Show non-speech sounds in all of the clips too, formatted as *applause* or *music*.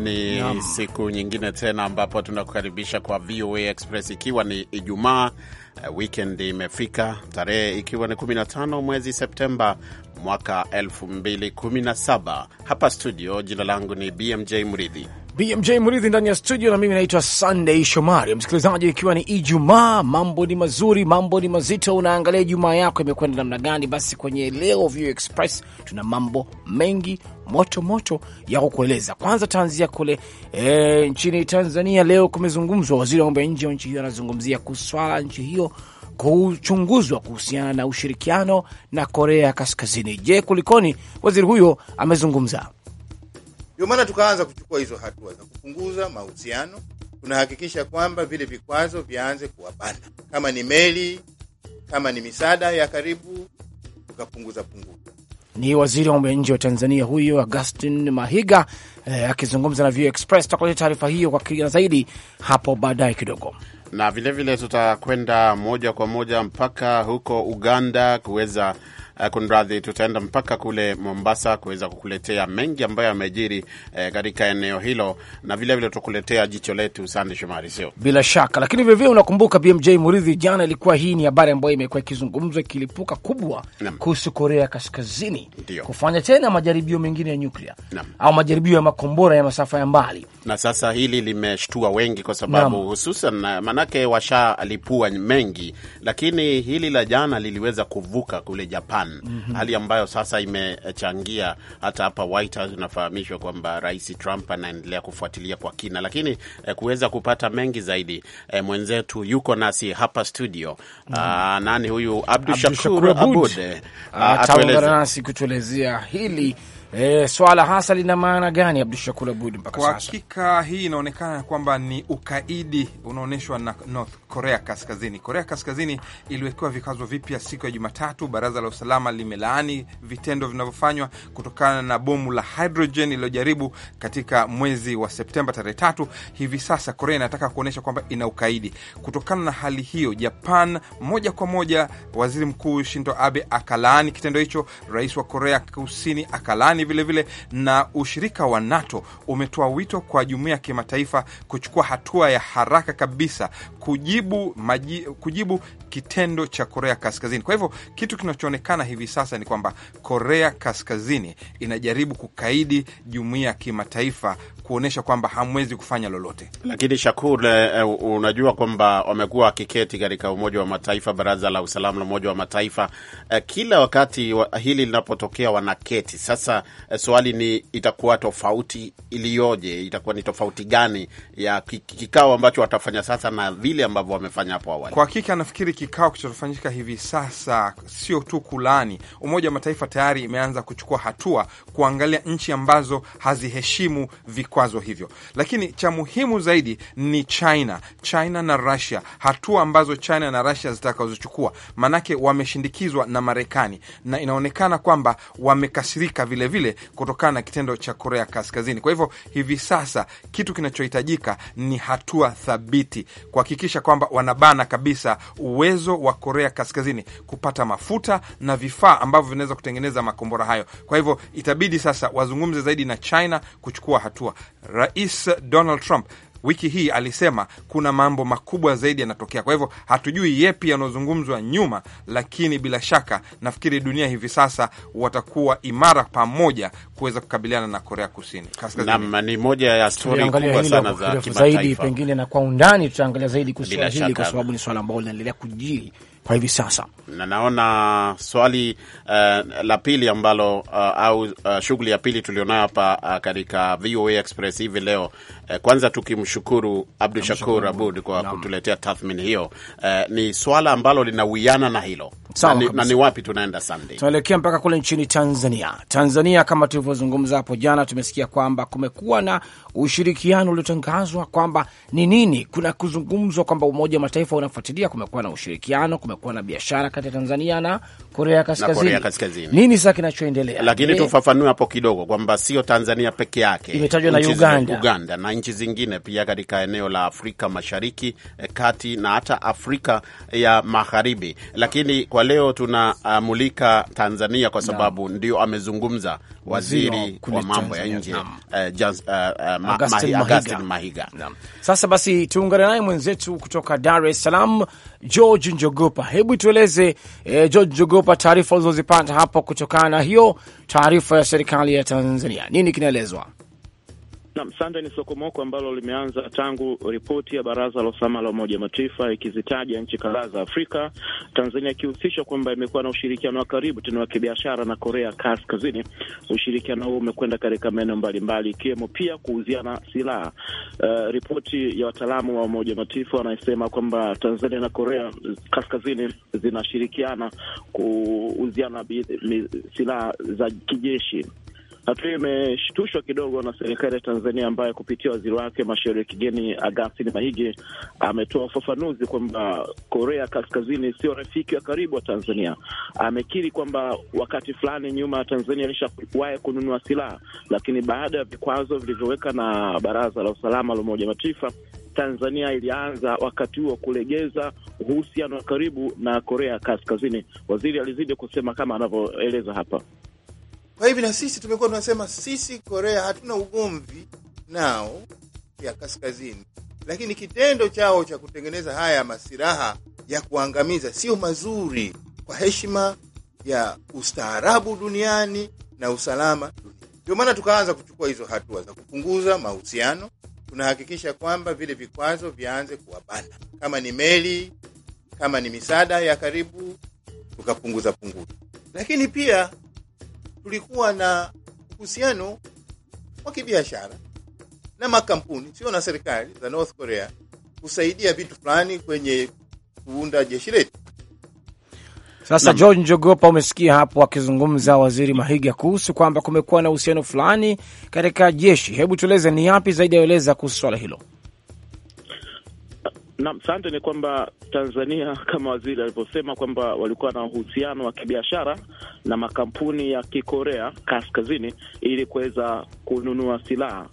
ni yeah, siku nyingine tena ambapo tunakukaribisha kwa VOA Express ikiwa ni Ijumaa. Eh, weekend imefika, tarehe ikiwa ni 15 mwezi Septemba mwaka 2017. Hapa studio, jina langu ni BMJ Mridhi. BMJ Mridhi ndani ya studio, na mimi naitwa Sunday Shomari. Msikilizaji, ikiwa ni Ijumaa, mambo ni mazuri, mambo ni mazito. Unaangalia Ijumaa yako imekwenda namna gani? Basi kwenye leo View Express tuna mambo mengi moto moto ya kukueleza. Kwanza taanzia kule e, nchini Tanzania. Leo kumezungumzwa, waziri wa mambo ya nje wa nchi hiyo anazungumzia kuswala nchi hiyo kuchunguzwa kuhusiana na ushirikiano na Korea Kaskazini. Je, kulikoni? Waziri huyo amezungumza. Ndio maana tukaanza kuchukua hizo hatua za kupunguza mahusiano, tunahakikisha kwamba vile vikwazo vianze kuwabana, kama ni meli, kama ni misaada ya karibu, tukapunguza punguza ni waziri wa mambo ya nje wa Tanzania huyo Augustin Mahiga eh, akizungumza na View Express. Tutakuletea taarifa hiyo kwa kina zaidi hapo baadaye kidogo, na vilevile tutakwenda moja kwa moja mpaka huko Uganda kuweza uh, Kunradhi, tutaenda mpaka kule Mombasa kuweza kukuletea mengi ambayo yamejiri uh, katika eneo hilo, na vilevile tutakuletea jicho letu. Sande Shomari, sio bila shaka, lakini vilevile unakumbuka BMJ Muridhi, jana ilikuwa hii ni habari ambayo imekuwa ikizungumzwa ikilipuka kubwa kuhusu Korea Kaskazini Ndiyo. kufanya tena majaribio mengine ya nyuklia au majaribio ya makombora ya masafa ya mbali, na sasa hili limeshtua wengi kwa sababu Nam. hususan eh, manake washalipua mengi, lakini hili la jana liliweza kuvuka kule Japan Iran mm -hmm. hali ambayo sasa imechangia hata hapa White House unafahamishwa kwamba Rais Trump anaendelea kufuatilia kwa kina, lakini eh, kuweza kupata mengi zaidi eh, mwenzetu yuko nasi hapa studio mm -hmm. ah, nani huyu Abdu Shakur Abud, ah, kutuelezea hili E, swala hasa lina maana gani, Abdu Shakur Abud? Mpaka sasa hakika hii inaonekana kwamba ni ukaidi unaonyeshwa na North Korea Kaskazini. Korea Kaskazini iliwekewa vikwazo vipya siku ya Jumatatu. Baraza la usalama limelaani vitendo vinavyofanywa kutokana na bomu la hydrogen iliyojaribu katika mwezi wa Septemba tarehe tatu. Hivi sasa Korea inataka kuonyesha kwamba ina ukaidi. Kutokana na hali hiyo, Japan moja kwa moja, waziri mkuu Shinzo Abe akalaani kitendo hicho, rais wa Korea Kusini akalaani Marekani vilevile na ushirika wa NATO umetoa wito kwa jumuiya ya kimataifa kuchukua hatua ya haraka kabisa kujibu, maji, kujibu kitendo cha Korea Kaskazini. Kwa hivyo kitu kinachoonekana hivi sasa ni kwamba Korea Kaskazini inajaribu kukaidi jumuiya ya kimataifa kuonyesha kwamba hamwezi kufanya lolote. Lakini Shakur, eh, eh, unajua kwamba wamekuwa wakiketi katika Umoja wa Mataifa, Baraza la Usalama la Umoja wa Mataifa, eh, kila wakati hili linapotokea wanaketi. Sasa swali ni itakuwa tofauti iliyoje? Itakuwa ni tofauti gani ya kikao ambacho watafanya sasa na vile ambavyo wamefanya hapo awali? Kwa hakika nafikiri kikao kichotofanyika hivi sasa sio tu kulani Umoja wa Mataifa tayari imeanza kuchukua hatua kuangalia nchi ambazo haziheshimu vikwazo vikwazo hivyo, lakini cha muhimu zaidi ni China, China na Russia, hatua ambazo China na Russia zitakazochukua, maanake wameshindikizwa na Marekani na inaonekana kwamba wamekasirika vilevile kutokana na kitendo cha Korea Kaskazini. Kwa hivyo hivi sasa kitu kinachohitajika ni hatua thabiti kuhakikisha kwamba wanabana kabisa uwezo wa Korea Kaskazini kupata mafuta na vifaa ambavyo vinaweza kutengeneza makombora hayo. Kwa hivyo itabidi sasa wazungumze zaidi na China kuchukua hatua. Rais Donald Trump wiki hii alisema kuna mambo makubwa zaidi yanatokea. Kwa hivyo hatujui yepi yanayozungumzwa nyuma, lakini bila shaka nafikiri dunia hivi sasa watakuwa imara pamoja kuweza kukabiliana na Korea Kusini kaskazini. Ni moja ya stori kubwa sana za kimataifa zaidi, pengine na kwa undani tutaangalia zaidi kuhusu hili, kwa sababu ni swala ambalo linaendelea kujiri kwa hivi sasa. Na naona swali uh, la pili ambalo uh, au uh, shughuli ya pili tulionayo hapa uh, katika VOA Express hivi leo Eh, kwanza tukimshukuru Abdu Shakur Abud kwa Naam. kutuletea tathmini hiyo. Eh, ni swala ambalo linawiana na hilo na ni, na ni wapi tunaenda Sunday? Tunaelekea mpaka kule nchini Tanzania. Tanzania kama tulivyozungumza hapo jana, tumesikia kwamba kumekuwa na ushirikiano uliotangazwa kwamba ni nini, kuna kuzungumzwa kwamba Umoja wa Mataifa unafuatilia. Kumekuwa na ushirikiano, kumekuwa na biashara kati ya Tanzania na Korea Kaskazini. Korea Kaskazini, nini sasa kinachoendelea? Lakini tufafanue hapo kidogo kwamba sio Tanzania peke yake, imetajwa na Uganda, Uganda na nchi zingine pia katika eneo la Afrika Mashariki, eh, kati na hata Afrika ya Magharibi. Lakini kwa leo tunamulika uh, Tanzania kwa sababu no. ndio amezungumza waziri wa mambo ya nje no. uh, uh, Mahiga, Mahiga. Sasa basi tuungane naye mwenzetu kutoka Dar es Salaam George Njogopa, hebu tueleze eh, George Njogopa, taarifa ulizozipata hapo kutokana na hiyo taarifa ya serikali ya Tanzania, nini kinaelezwa? sanda ni sokomoko ambalo limeanza tangu ripoti ya baraza la usalama la Umoja Mataifa ikizitaja nchi kadhaa za Afrika, Tanzania ikihusishwa kwamba imekuwa na ushirikiano wa karibu tena wa kibiashara na Korea Kaskazini. Ushirikiano huo umekwenda katika maeneo mbalimbali, ikiwemo pia kuuziana silaha. Uh, ripoti ya wataalamu wa Umoja Mataifa wanasema kwamba Tanzania na Korea Kaskazini zinashirikiana kuuziana silaha za kijeshi hiyo imeshtushwa kidogo na serikali ya Tanzania ambayo kupitia waziri wake mashauri ya kigeni agasin Mahigi ametoa ufafanuzi kwamba Korea Kaskazini sio rafiki wa karibu wa Tanzania. Amekiri kwamba wakati fulani nyuma Tanzania ilishawahi kununua silaha, lakini baada ya vikwazo vilivyoweka na Baraza la Usalama la Umoja Mataifa, Tanzania ilianza wakati huo kulegeza uhusiano wa karibu na Korea Kaskazini. Waziri alizidi kusema kama anavyoeleza hapa. Kwa hivi na sisi tumekuwa tunasema sisi Korea hatuna ugomvi nao ya kaskazini, lakini kitendo chao cha kutengeneza haya masiraha ya kuangamiza sio mazuri kwa heshima ya ustaarabu duniani na usalama duniani. Ndio maana tukaanza kuchukua hizo hatua za kupunguza mahusiano. Tunahakikisha kwamba vile vikwazo vianze kuwabana, kama ni meli, kama ni misaada ya karibu, tukapunguza punguza, lakini pia tulikuwa na uhusiano wa kibiashara na makampuni sio na serikali za North Korea kusaidia vitu fulani kwenye kuunda jeshi letu. Sasa George Njogopa, umesikia hapo akizungumza Waziri Mahiga kuhusu kwamba kumekuwa na uhusiano fulani katika jeshi. Hebu tueleze ni yapi zaidi yaeleza kuhusu swala hilo. Na asante ni kwamba Tanzania kama waziri alivyosema kwamba walikuwa na uhusiano wa kibiashara na makampuni ya Kikorea Kaskazini ili kuweza kununua silaha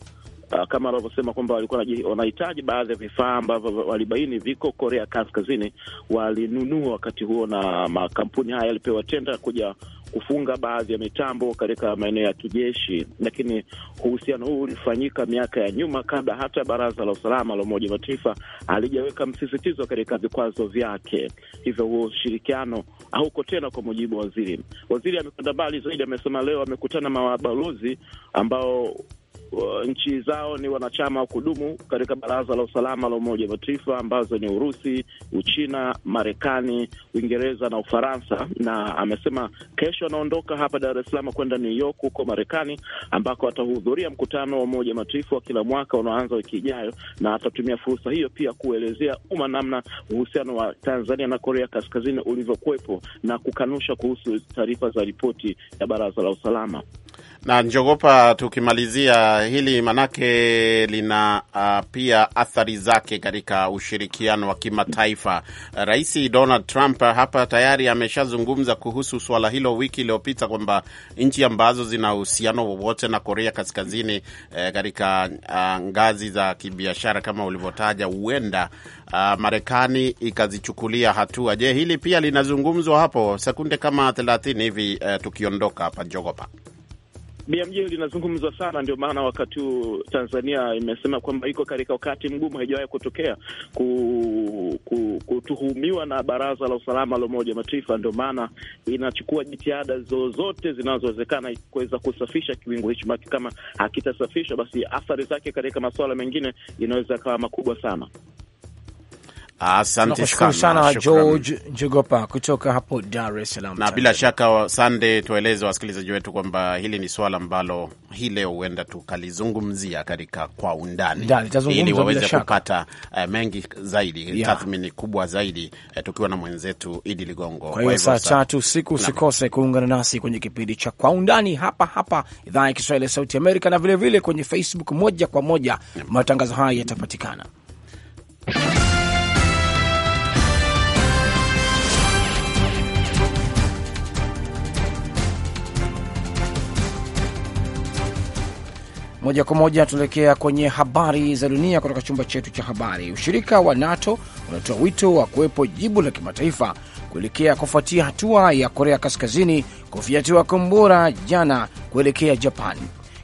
ah, kama wanavyosema kwamba walikuwa wanahitaji baadhi ya vifaa ambavyo walibaini viko Korea Kaskazini, walinunua wakati huo, na makampuni haya yalipewa tenda kuja kufunga baadhi ya mitambo katika maeneo ya kijeshi, lakini uhusiano huu ulifanyika miaka ya nyuma, kabla hata Baraza la Usalama la Umoja Mataifa alijaweka msisitizo katika vikwazo vyake. Hivyo huo ushirikiano hauko tena, kwa mujibu wa waziri. Waziri amekwenda mbali zaidi, amesema leo amekutana mawabalozi ambao Uh, nchi zao ni wanachama wa kudumu katika Baraza la Usalama la Umoja wa Mataifa ambazo ni Urusi, Uchina, Marekani, Uingereza na Ufaransa, na amesema kesho anaondoka hapa Dar es Salaam kwenda New York huko Marekani, ambako atahudhuria mkutano wa Umoja wa Mataifa wa kila mwaka unaoanza wiki ijayo, na atatumia fursa hiyo pia kuelezea umma namna uhusiano wa Tanzania na Korea Kaskazini ulivyokuwepo na kukanusha kuhusu taarifa za ripoti ya Baraza la Usalama na njogopa, tukimalizia hili manake lina uh, pia athari zake katika ushirikiano wa kimataifa. Rais Donald Trump hapa tayari ameshazungumza kuhusu suala hilo wiki iliyopita kwamba nchi ambazo zina uhusiano wowote na Korea Kaskazini eh, katika uh, ngazi za kibiashara kama ulivyotaja, huenda uh, Marekani ikazichukulia hatua. Je, hili pia linazungumzwa hapo sekunde kama 3 hivi eh, tukiondoka hapa, njogopa. BMJ linazungumzwa sana, ndio maana wakati huu Tanzania imesema kwamba iko katika wakati mgumu, haijawahi kutokea ku, ku, kutuhumiwa na Baraza la Usalama la Umoja wa Mataifa. Ndio maana inachukua jitihada zozote zinazowezekana kuweza kusafisha kiwango hicho, kama hakitasafishwa basi athari zake katika masuala mengine inaweza kawa makubwa sana. Asante sana George Jogopa kutoka hapo Dar es Salaam. Na bila shaka, Sande, tueleze wasikilizaji wetu kwamba hili ni swala ambalo hii leo huenda tukalizungumzia katika kwa undani, ili waweze kupata uh, mengi zaidi, tathmini kubwa zaidi uh, tukiwa na mwenzetu Idi Ligongo. Kwa hiyo saa tatu usiku usikose kuungana nasi kwenye kipindi cha kwa undani hapa hapa idhaa ya Kiswahili ya Sauti Amerika, na vilevile vile kwenye Facebook moja kwa moja matangazo haya yatapatikana Moja kwa moja tunaelekea kwenye habari za dunia kutoka chumba chetu cha habari. Ushirika wa NATO unatoa wito wa kuwepo jibu la kimataifa kuelekea kufuatia hatua ya Korea Kaskazini kufyatua kombora jana kuelekea Japan.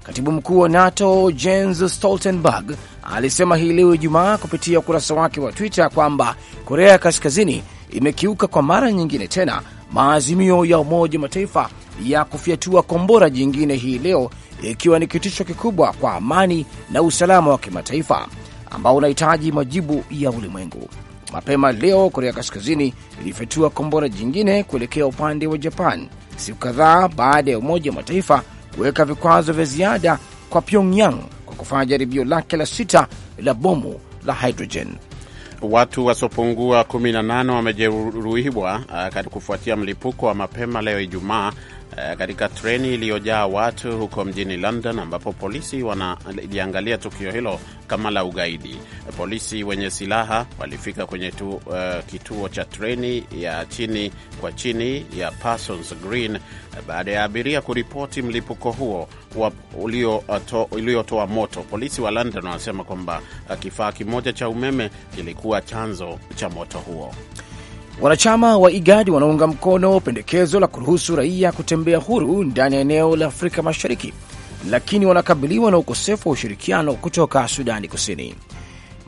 Katibu mkuu wa NATO Jens Stoltenberg alisema hii leo Ijumaa kupitia ukurasa wake wa Twitter kwamba Korea Kaskazini imekiuka kwa mara nyingine tena maazimio ya Umoja wa Mataifa ya kufyatua kombora jingine hii leo, ikiwa ni kitisho kikubwa kwa amani na usalama wa kimataifa ambao unahitaji majibu ya ulimwengu. Mapema leo Korea Kaskazini ilifyatua kombora jingine kuelekea upande wa Japan siku kadhaa baada ya Umoja wa Mataifa kuweka vikwazo vya ziada kwa Pyongyang kwa kufanya jaribio lake la sita la bomu la hydrogen. Watu wasiopungua 18 wamejeruhiwa uh, kufuatia mlipuko wa mapema leo Ijumaa Eh, katika treni iliyojaa watu huko mjini London, ambapo polisi wanaliangalia tukio hilo kama la ugaidi. Polisi wenye silaha walifika kwenye tu, uh, kituo cha treni ya chini kwa chini ya Parsons Green eh, baada ya abiria kuripoti mlipuko huo uliotoa moto. Polisi wa London wanasema kwamba kifaa kimoja cha umeme kilikuwa chanzo cha moto huo. Wanachama wa igadi wanaunga mkono pendekezo la kuruhusu raia kutembea huru ndani ya eneo la Afrika Mashariki, lakini wanakabiliwa na ukosefu wa ushirikiano kutoka Sudani Kusini,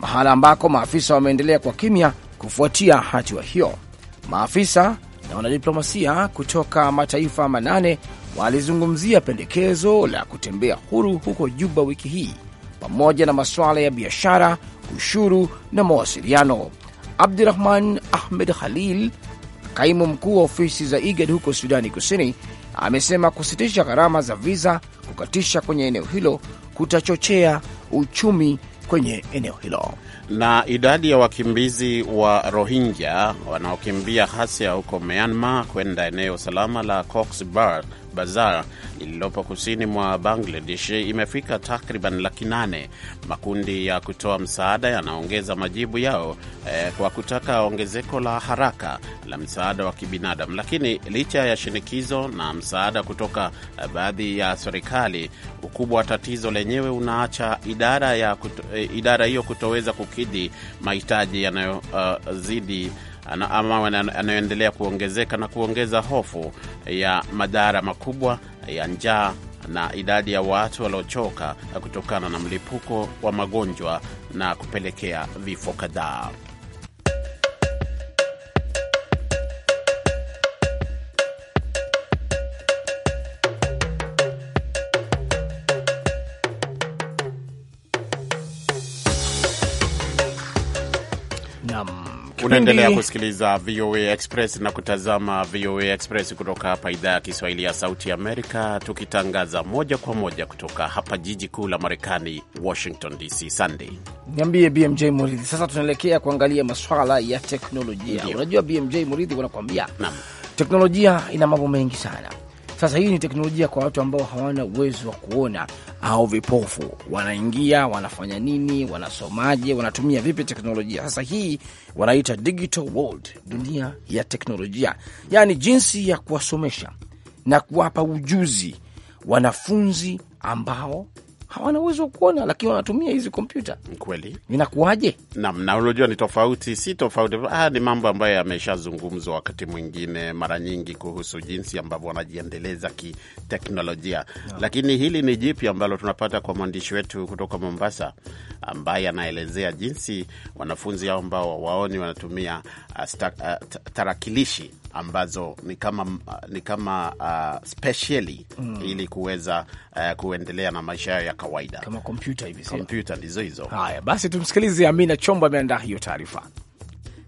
mahala ambako maafisa wameendelea kwa kimya kufuatia hatua hiyo. Maafisa na wanadiplomasia kutoka mataifa manane walizungumzia pendekezo la kutembea huru huko Juba wiki hii, pamoja na masuala ya biashara, ushuru na mawasiliano abdurahman Ahmed Khalil, kaimu mkuu wa ofisi za IGAD huko Sudani Kusini, amesema kusitisha gharama za viza kukatisha kwenye eneo hilo kutachochea uchumi kwenye eneo hilo. Na idadi ya wakimbizi wa Rohingya wanaokimbia hasia huko Myanmar kwenda eneo salama la Cox's Bazar lililopo kusini mwa Bangladesh imefika takriban laki nane. Makundi ya kutoa msaada yanaongeza majibu yao eh, kwa kutaka ongezeko la haraka la msaada wa kibinadamu, lakini licha ya shinikizo na msaada kutoka eh, baadhi ya serikali, ukubwa wa tatizo lenyewe unaacha idara hiyo kuto, eh, kutoweza kuk kukidhi mahitaji yanayozidi uh, uh ama yanayoendelea kuongezeka na kuongeza hofu ya madhara makubwa ya njaa na idadi ya watu waliochoka kutokana na mlipuko wa magonjwa na kupelekea vifo kadhaa. Unaendelea kusikiliza VOA Express na kutazama VOA Express kutoka hapa idhaa ya Kiswahili ya Sauti Amerika, tukitangaza moja kwa moja kutoka hapa jiji kuu la Marekani, Washington DC. Sunday, niambie BMJ Muridhi. Sasa tunaelekea kuangalia maswala ya teknolojia. Unajua BMJ Muridhi, wanakuambia teknolojia ina mambo mengi sana sasa hii ni teknolojia kwa watu ambao hawana uwezo wa kuona au vipofu, wanaingia wanafanya nini? Wanasomaje? Wanatumia vipi teknolojia? Sasa hii wanaita digital world, dunia ya teknolojia, yaani jinsi ya kuwasomesha na kuwapa ujuzi wanafunzi ambao hawana uwezo wa kuona, lakini wanatumia hizi kompyuta. Kweli inakuwaje? Naam, na unajua ni tofauti, si tofauti. Haya ah, ni mambo ambayo yameshazungumzwa wakati mwingine mara nyingi kuhusu jinsi ambavyo wanajiendeleza kiteknolojia, lakini hili ni jipi ambalo tunapata kwa mwandishi wetu kutoka Mombasa ambaye anaelezea jinsi wanafunzi hao ambao waoni wanatumia uh, sta, uh, tarakilishi ambazo ni kama, ni kama uh, specially mm, ili kuweza uh, kuendelea na maisha yao ya kawaida kama kompyuta hivi, sio kompyuta ndizo hizo. Haya basi, tumsikilize Amina Chombo ameandaa hiyo taarifa.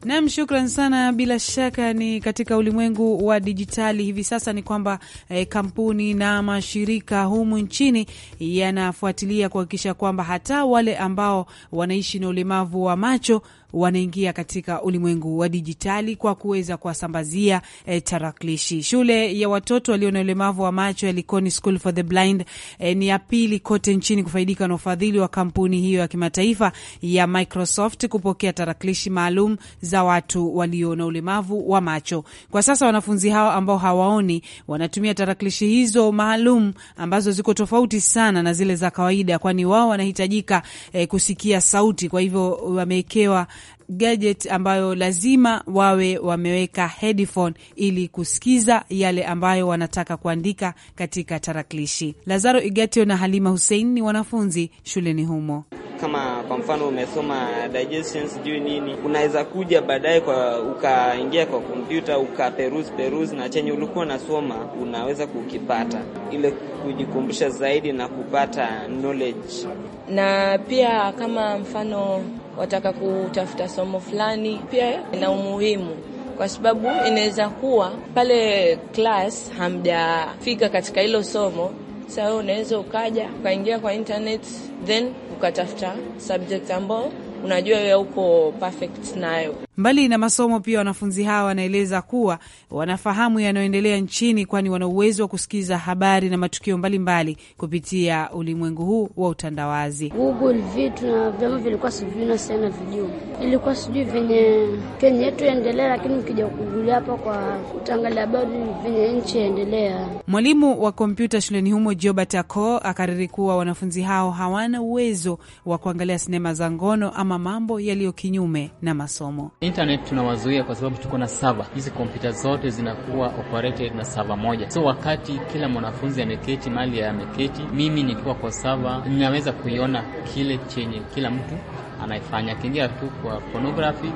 Nam, shukran sana. Bila shaka ni katika ulimwengu wa dijitali hivi sasa ni kwamba e, kampuni na mashirika humu nchini yanafuatilia kuhakikisha kwamba hata wale ambao wanaishi na ulemavu wa macho wanaingia katika ulimwengu wa dijitali kwa kuweza kuwasambazia e, tarakilishi. Shule ya watoto walio na ulemavu wa macho ya Likoni School for the Blind e, ni ya pili kote nchini kufaidika na ufadhili wa kampuni hiyo ya kimataifa ya Microsoft kupokea tarakilishi maalum za watu walio na ulemavu wa macho. Kwa sasa wanafunzi hao ambao hawaoni wanatumia tarakilishi hizo maalum ambazo ziko tofauti sana na zile za kawaida, kwani wao wanahitajika e, kusikia sauti. Kwa hivyo wamewekewa gadget ambayo lazima wawe wameweka headphone ili kusikiza yale ambayo wanataka kuandika katika tarakilishi. Lazaro Igatio na Halima Hussein ni wanafunzi shuleni humo. Kama kwa mfano umesoma digestion sijui nini, unaweza kuja baadaye kwa ukaingia kwa kompyuta ukaperuzi peruzi, na chenye ulikuwa unasoma unaweza kukipata, ile kujikumbusha zaidi na kupata knowledge. Na pia kama mfano wataka kutafuta somo fulani, pia ina umuhimu kwa sababu inaweza kuwa pale class hamjafika katika hilo somo. Sasa unaweza ukaja ukaingia kwa internet then ukatafuta subject ambao unajua wewe uko perfect nayo. Mbali na masomo, pia wanafunzi hawa wanaeleza kuwa wanafahamu yanayoendelea nchini, kwani wana uwezo wa kusikiza habari na matukio mbalimbali mbali kupitia ulimwengu huu wa utandawazi. Google vitu na vyama vilikuwa sana vijuu, ilikuwa sijui venye Kenya yetu yaendelea, lakini ukija kugulia hapa kwa kutangalia habari venye nchi yaendelea. Mwalimu wa kompyuta shuleni humo Joba Tako akariri kuwa wanafunzi hao hawana uwezo wa kuangalia sinema za ngono ama mambo yaliyo kinyume na masomo. Internet tunawazuia kwa sababu tuko na server. Hizi kompyuta zote zinakuwa operated na server moja, so wakati kila mwanafunzi ameketi mahali ameketi, mimi nikiwa kwa server ninaweza kuiona kile chenye kila mtu anaifanya, akiingia tu kwa pornography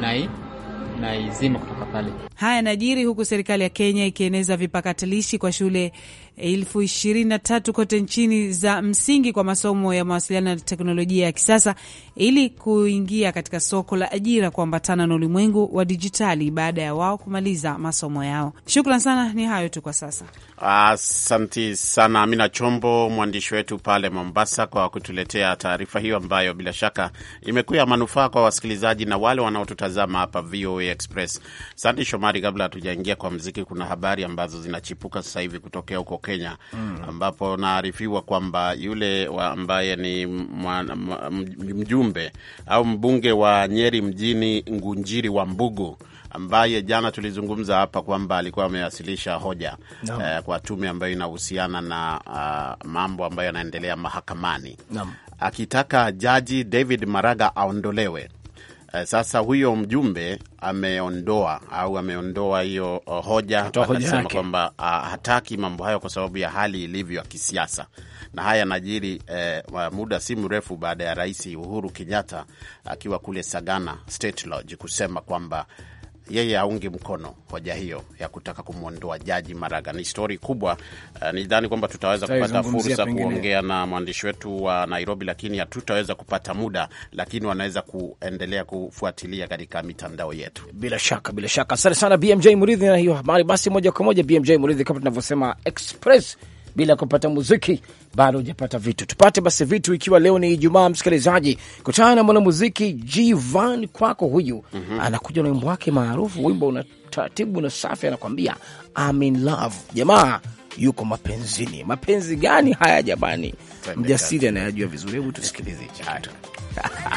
na na izima kutoka pale. Haya najiri huku serikali ya Kenya ikieneza vipakatilishi kwa shule elfu ishirini na tatu kote nchini za msingi kwa masomo ya mawasiliano na teknolojia ya kisasa ili kuingia katika soko la ajira kuambatana na ulimwengu wa dijitali baada ya wao kumaliza masomo yao. Shukran sana, ni hayo tu kwa sasa. Asanti sana Amina Chombo, mwandishi wetu pale Mombasa, kwa kutuletea taarifa hiyo ambayo bila shaka imekuwa ya manufaa kwa wasikilizaji na wale wanaotutazama hapa VOA Express. Sante Shomari, kabla hatujaingia kwa mziki, kuna habari ambazo zinachipuka sasa hivi kutokea huko Kenya mm. ambapo naarifiwa kwamba yule wa ambaye ni mjumbe au mbunge wa Nyeri mjini Ngunjiri wa Mbugu ambaye jana tulizungumza hapa kwamba alikuwa amewasilisha hoja no. uh, eh, kwa tume ambayo inahusiana na uh, mambo ambayo yanaendelea mahakamani no. akitaka jaji David Maraga aondolewe Eh, sasa huyo mjumbe ameondoa au ameondoa hiyo eh, hoja, akasema kwamba ah, hataki mambo hayo kwa sababu ya hali ilivyo ya kisiasa, na haya yanajiri eh, muda si mrefu baada ya Rais Uhuru Kenyatta akiwa kule Sagana State Lodge kusema kwamba yeye aungi mkono hoja hiyo ya kutaka kumwondoa Jaji Maraga. Ni stori kubwa. Uh, eh, nidhani kwamba tutaweza kupata fursa kuongea na mwandishi wetu wa Nairobi, lakini hatutaweza kupata muda, lakini wanaweza kuendelea kufuatilia katika mitandao yetu. Bila shaka, bila shaka. Asante sana BMJ Muridhi na hiyo habari. Basi moja kwa moja BMJ Muridhi, kama tunavyosema express bila kupata muziki bado hujapata vitu. Tupate basi vitu, ikiwa leo ni Ijumaa. Msikilizaji, kutana na mwanamuziki Jivan kwako huyu mm -hmm. anakuja na wimbo wake maarufu, wimbo una taratibu na safi, anakwambia I'm in love. Jamaa yuko mapenzini. Mapenzi gani haya jamani? Mjasiri anayajua vizuri, hebu tusikilize hichi kitu. *laughs*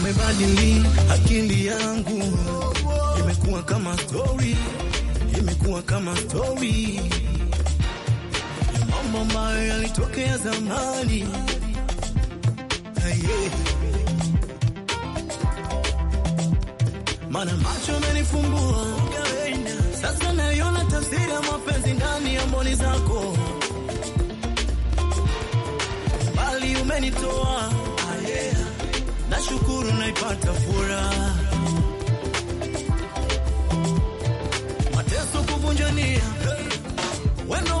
Umebadili akili yangu, imekuwa kama story, imekuwa kama story mambo ambayo yalitokea zamani. Hey, mana macho amenifumbua sasa, naiona tafsiri ya mapenzi ndani ya mboni zako, bali umenitoa na shukuru, naipata furaha mateso kuvunjania wendo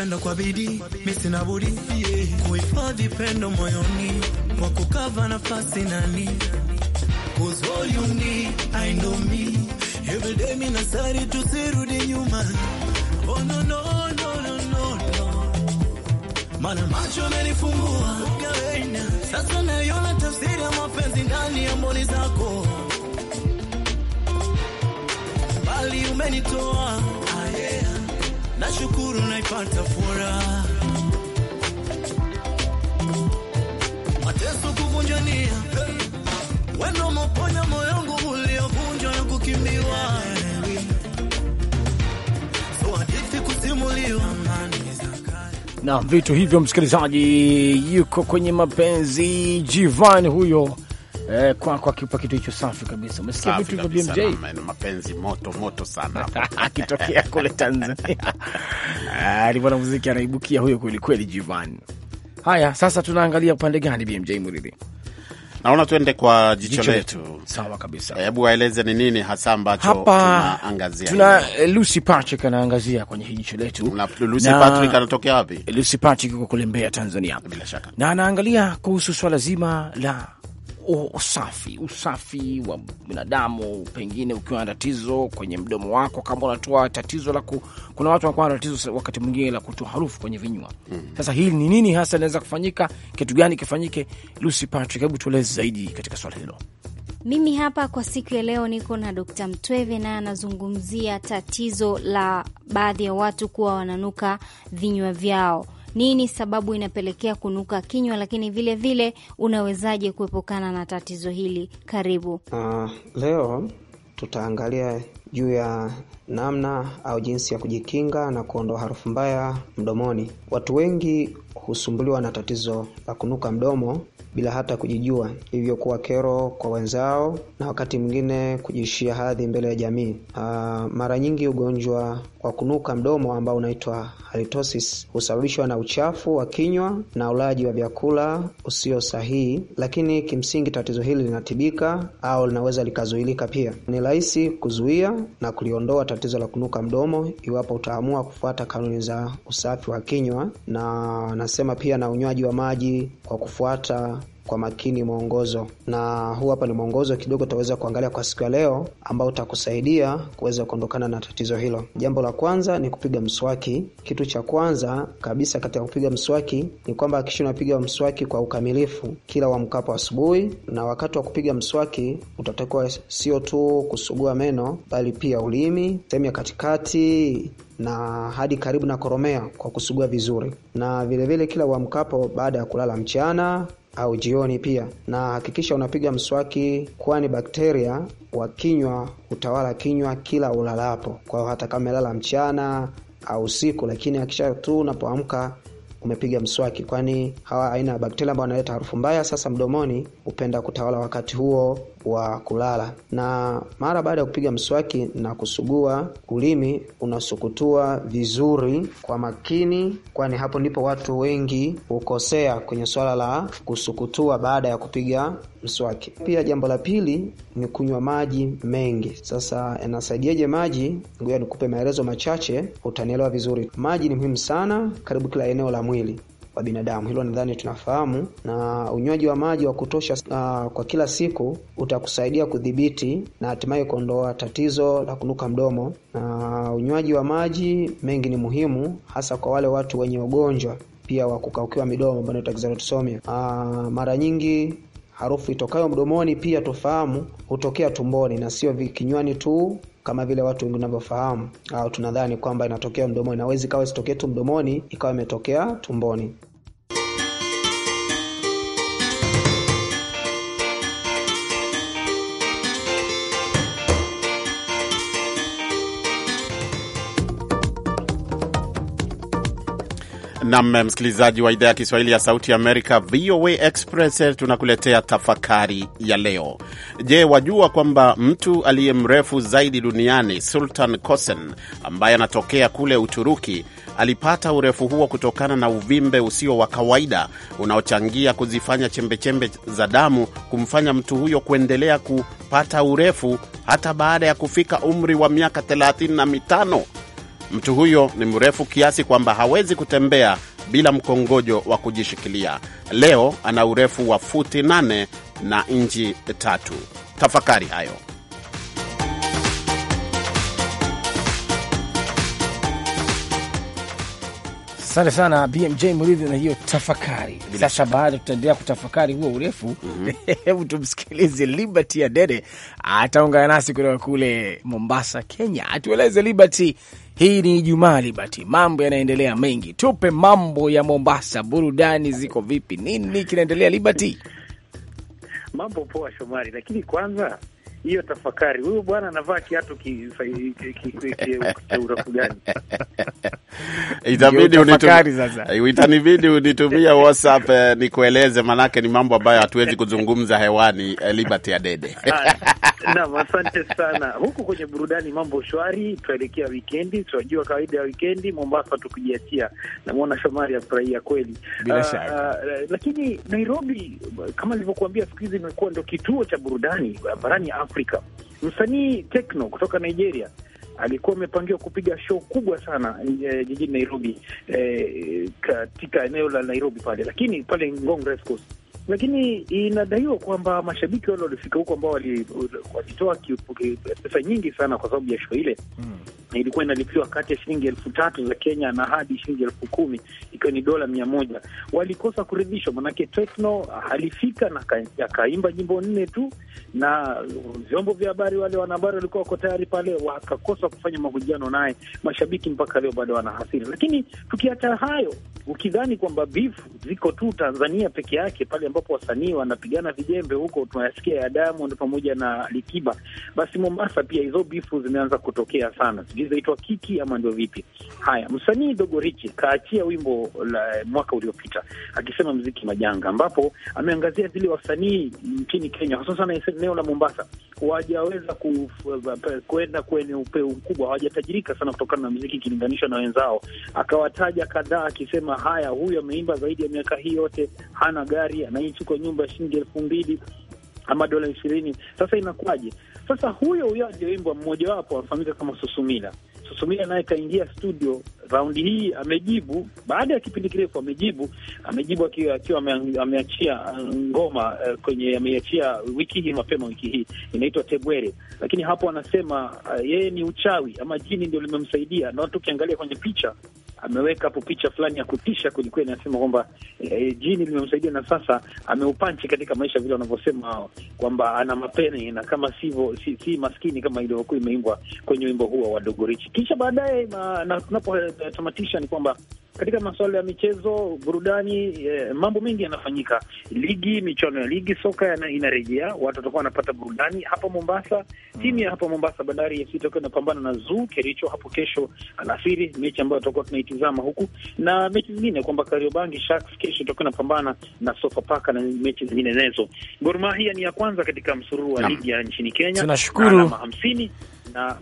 kupenda kwa bidii, mimi sina budi kuhifadhi pendo moyoni kwa kukava nafasi nani Cause all you need, I know me. Every day mimi nasari tusirudi nyuma. Oh no no no no no no. Mana macho yamenifungua. Sasa naiona tafsiri ya mapenzi ndani ya mboni zako. Bali umenitoa nashukuru naipata furaha, mateso kuvunjwa nia, wendo moponya moyo wangu uliovunjwa na kukimbiwa, so hadithi kusimuliwa na vitu hivyo. Msikilizaji yuko kwenye mapenzi, Jivan huyo eh, kwa kwa kipa kitu hicho safi kabisa. Umesikia vitu vya BMJ na mapenzi moto moto sana *laughs* akitokea kule Tanzania Ah, *laughs* ni muziki anaibukia huyo kweli kweli, Jivan. Haya, sasa tunaangalia upande gani, BMJ Muridi? Naona tuende kwa jicho letu. Sawa kabisa, hebu waeleze ni nini hasa ambacho tunaangazia. Tuna Lucy Patrick anaangazia kwenye jicho letu. Na Lucy Patrick anatokea wapi? Lucy Patrick yuko kule Mbeya, Tanzania, bila shaka, na anaangalia kuhusu swala zima la Oh, usafi, usafi wa binadamu, pengine ukiwa na tatizo kwenye mdomo wako, kama unatoa tatizo la ku, kuna watu wanakuwa na tatizo wakati mwingine la kutoa harufu kwenye vinywa mm. Sasa hili ni nini hasa linaweza kufanyika, kitu gani kifanyike? Lucy Patrick, hebu tueleze zaidi katika swala hilo. Mimi hapa kwa siku ya leo niko na Dkt. Mtweve, naye anazungumzia tatizo la baadhi ya watu kuwa wananuka vinywa vyao nini sababu inapelekea kunuka kinywa, lakini vilevile unawezaje kuepukana na tatizo hili? Karibu. Uh, leo tutaangalia juu ya namna au jinsi ya kujikinga na kuondoa harufu mbaya mdomoni. Watu wengi husumbuliwa na tatizo la kunuka mdomo bila hata kujijua, hivyo kuwa kero kwa wenzao na wakati mwingine kujishia hadhi mbele ya jamii. Aa, ah, mara nyingi ugonjwa wa kunuka mdomo ambao unaitwa halitosis husababishwa na uchafu wa kinywa na ulaji wa vyakula usio sahihi, lakini kimsingi tatizo hili linatibika au linaweza likazuilika. Pia ni rahisi kuzuia na kuliondoa tatizo la kunuka mdomo iwapo utaamua kufuata kanuni za usafi wa kinywa, na nasema pia na unywaji wa maji kwa kufuata kwa makini mwongozo, na huu hapa ni mwongozo kidogo utaweza kuangalia kwa siku ya leo, ambao utakusaidia kuweza kuondokana na tatizo hilo. Jambo la kwanza ni kupiga mswaki. Kitu cha kwanza kabisa katika kupiga mswaki ni kwamba hakikisha unapiga mswaki kwa ukamilifu kila uamkapo asubuhi, na wakati wa kupiga mswaki utatakiwa sio tu kusugua meno, bali pia ulimi, sehemu ya katikati na hadi karibu na koromea kwa kusugua vizuri, na vilevile vile kila uamkapo baada ya kulala mchana au jioni pia, na hakikisha unapiga mswaki, kwani bakteria wa kinywa hutawala kinywa kila ulalapo. Kwa hiyo hata kama amelala mchana au usiku, lakini hakikisha tu unapoamka umepiga mswaki, kwani hawa aina ya bakteria ambao wanaleta harufu mbaya sasa mdomoni hupenda kutawala wakati huo wa kulala, na mara baada ya kupiga mswaki na kusugua ulimi unasukutua vizuri kwa makini, kwani hapo ndipo watu wengi hukosea kwenye swala la kusukutua baada ya kupiga mswaki. Pia jambo la pili ni kunywa maji mengi. Sasa yanasaidiaje maji? Ngoja nikupe maelezo machache, utanielewa vizuri. Maji ni muhimu sana karibu kila eneo la mwili wa binadamu. Hilo nadhani tunafahamu, na unywaji wa maji wa kutosha uh, kwa kila siku utakusaidia kudhibiti na hatimaye kuondoa tatizo la kunuka mdomo. Na unywaji wa maji mengi ni muhimu, hasa kwa wale watu wenye ugonjwa pia wa kukaukiwa midomo ambao ni xanthostomia. Uh, mara nyingi harufu itokayo mdomoni pia tufahamu hutokea tumboni na sio vikinywani tu kama vile watu wengi wanavyofahamu au tunadhani kwamba inatokea mdomoni. Nawezi ikawa isitokee tu mdomoni, ikawa imetokea tumboni. Nam msikilizaji wa idhaa ya Kiswahili ya Sauti ya Amerika, VOA Express, tunakuletea tafakari ya leo. Je, wajua kwamba mtu aliye mrefu zaidi duniani Sultan Kosen ambaye anatokea kule Uturuki alipata urefu huo kutokana na uvimbe usio wa kawaida unaochangia kuzifanya chembechembe -chembe za damu kumfanya mtu huyo kuendelea kupata urefu hata baada ya kufika umri wa miaka 35. Mtu huyo ni mrefu kiasi kwamba hawezi kutembea bila mkongojo wa kujishikilia. Leo ana urefu wa futi nane na inchi tatu. Tafakari hayo. Asante sana BMJ Mridhi na hiyo tafakari. Sasa baada tutaendelea kutafakari huo urefu, mhm. *laughs* hebu mm -hmm. tumsikilize Liberty Adede ataungana nasi kutoka kule Mombasa, Kenya, atueleze Liberty hii ni Ijumaa liberty mambo yanaendelea mengi. Tupe mambo ya Mombasa, burudani ziko vipi? Nini kinaendelea liberty Mambo poa Shomari, lakini kwanza hiyo tafakari, huyu bwana anavaa kiatu kiurafu gani? *laughs* Eh, itanibidi unitumia WhatsApp eh, nikueleze, manake ni mambo ambayo hatuwezi kuzungumza hewani. Eh, Liberty Adede, ah, naam, asante sana. Huku kwenye burudani mambo shwari, tuelekea wikendi, tunajua kawaida ya wikendi Mombasa tukujiachia. Namwona Shomari afurahia kweli, bila ah, shaka. Ah, lakini Nairobi kama nilivyokuambia, siku hizi imekuwa ndo kituo cha burudani barani Afrika. Msanii Tekno kutoka Nigeria alikuwa amepangiwa kupiga show kubwa sana e, jijini Nairobi e, katika eneo la Nairobi pale, lakini pale Ngong Race Course, lakini inadaiwa kwamba mashabiki wale walifika huko ambao walitoa wali pesa nyingi sana kwa sababu ya show ile hmm na ilikuwa inalipiwa kati ya shilingi elfu tatu za Kenya na hadi shilingi elfu kumi ikiwa ni dola mia moja. Walikosa kuridhishwa, manake Tekno alifika na akaimba nyimbo nne tu, na vyombo vya habari, wale wanahabari walikuwa wako tayari pale, wakakosa kufanya mahojiano naye. Mashabiki mpaka leo bado wana hasira. Lakini tukiacha hayo, ukidhani kwamba bifu ziko tu Tanzania peke yake, pale ambapo wasanii wanapigana vijembe huko, tunayasikia ya Diamond pamoja na Likiba, basi Mombasa pia hizo bifu zimeanza kutokea sana linaitwa Kiki ama ndio vipi? Haya, msanii Dogo Richi kaachia wimbo la mwaka uliopita akisema mziki majanga, ambapo ameangazia vile wasanii nchini Kenya hususan eneo la Mombasa wajaweza kuenda kwenye upeo mkubwa, hawajatajirika sana kutokana na mziki ikilinganishwa na wenzao. Akawataja kadhaa akisema, haya, huyu ameimba zaidi ya miaka hii yote, hana gari, anaishi kwa nyumba ya shilingi elfu mbili ama dola ishirini. Sasa inakuwaje? Sasa huyo huyo aliyoimbwa mmojawapo anafahamika kama Susumila. Susumila naye kaingia studio raundi hii, amejibu baada ya kipindi kirefu, amejibu amejibu akiwa ameachia uh, ngoma uh, kwenye ameiachia wiki hii mapema, wiki hii inaitwa Tebwere, lakini hapo anasema uh, yeye ni uchawi ama jini ndio limemsaidia, na watu ukiangalia kwenye picha ameweka hapo picha fulani ya kutisha kwelikweli, anasema kwamba eh, jini limemsaidia na sasa ameupanchi katika maisha, vile wanavyosema kwamba ana mapeni na kama sivyo si, si maskini kama ilivyokuwa imeimbwa kwenye wimbo huo wa Dogorichi. Kisha baadaye, tunapotamatisha ni kwamba katika masuala ya michezo, burudani, eh, mambo mengi yanafanyika. Ligi, michuano ya ligi soka inarejea, watu watakuwa wanapata burudani hapa Mombasa. Timu ya hapa Mombasa, Bandari FC itakuwa inapambana na Zoo Kericho hapo kesho alasiri, mechi ambayo tutakuwa tunaitizama huku, na mechi zingine kwamba Kariobangi Sharks kesho itakuwa inapambana na Sofapaka na mechi zinginezo. Gor Mahia ni ya kwanza katika msururu wa ligi ya nchini Kenya, tunashukuru hamsini Uh,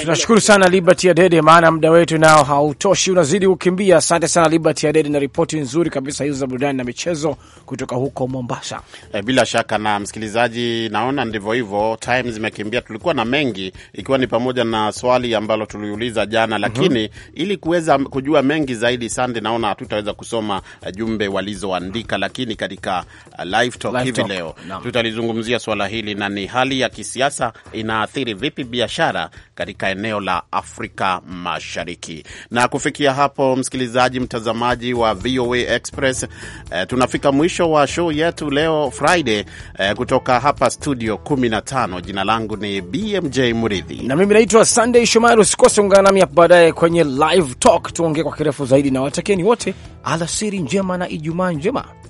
tunashukuru sana Liberty Adede, maana muda wetu nao hautoshi, unazidi kukimbia. Asante sana Liberty Adede na ripoti nzuri kabisa hizo za burudani na michezo kutoka huko Mombasa. E, bila shaka na msikilizaji, naona ndivyo hivyo, time zimekimbia. Tulikuwa na mengi, ikiwa ni pamoja na swali ambalo tuliuliza jana, lakini mm -hmm. ili kuweza kujua mengi zaidi, Sande, naona hatutaweza kusoma eh, jumbe walizoandika, lakini katika eh, live talk hivi leo tutalizungumzia swala hili, na ni hali ya kisiasa inaathiri vipi biashara biashara katika eneo la Afrika Mashariki. Na kufikia hapo, msikilizaji, mtazamaji wa VOA Express, eh, tunafika mwisho wa show yetu leo Friday, eh, kutoka hapa studio 15. Jina langu ni BMJ Muridhi na mimi naitwa Sunday Shomari. Usikose ungana nami hapo baadaye kwenye live talk, tuongee kwa kirefu zaidi na watakeni wote alasiri njema na Ijumaa njema.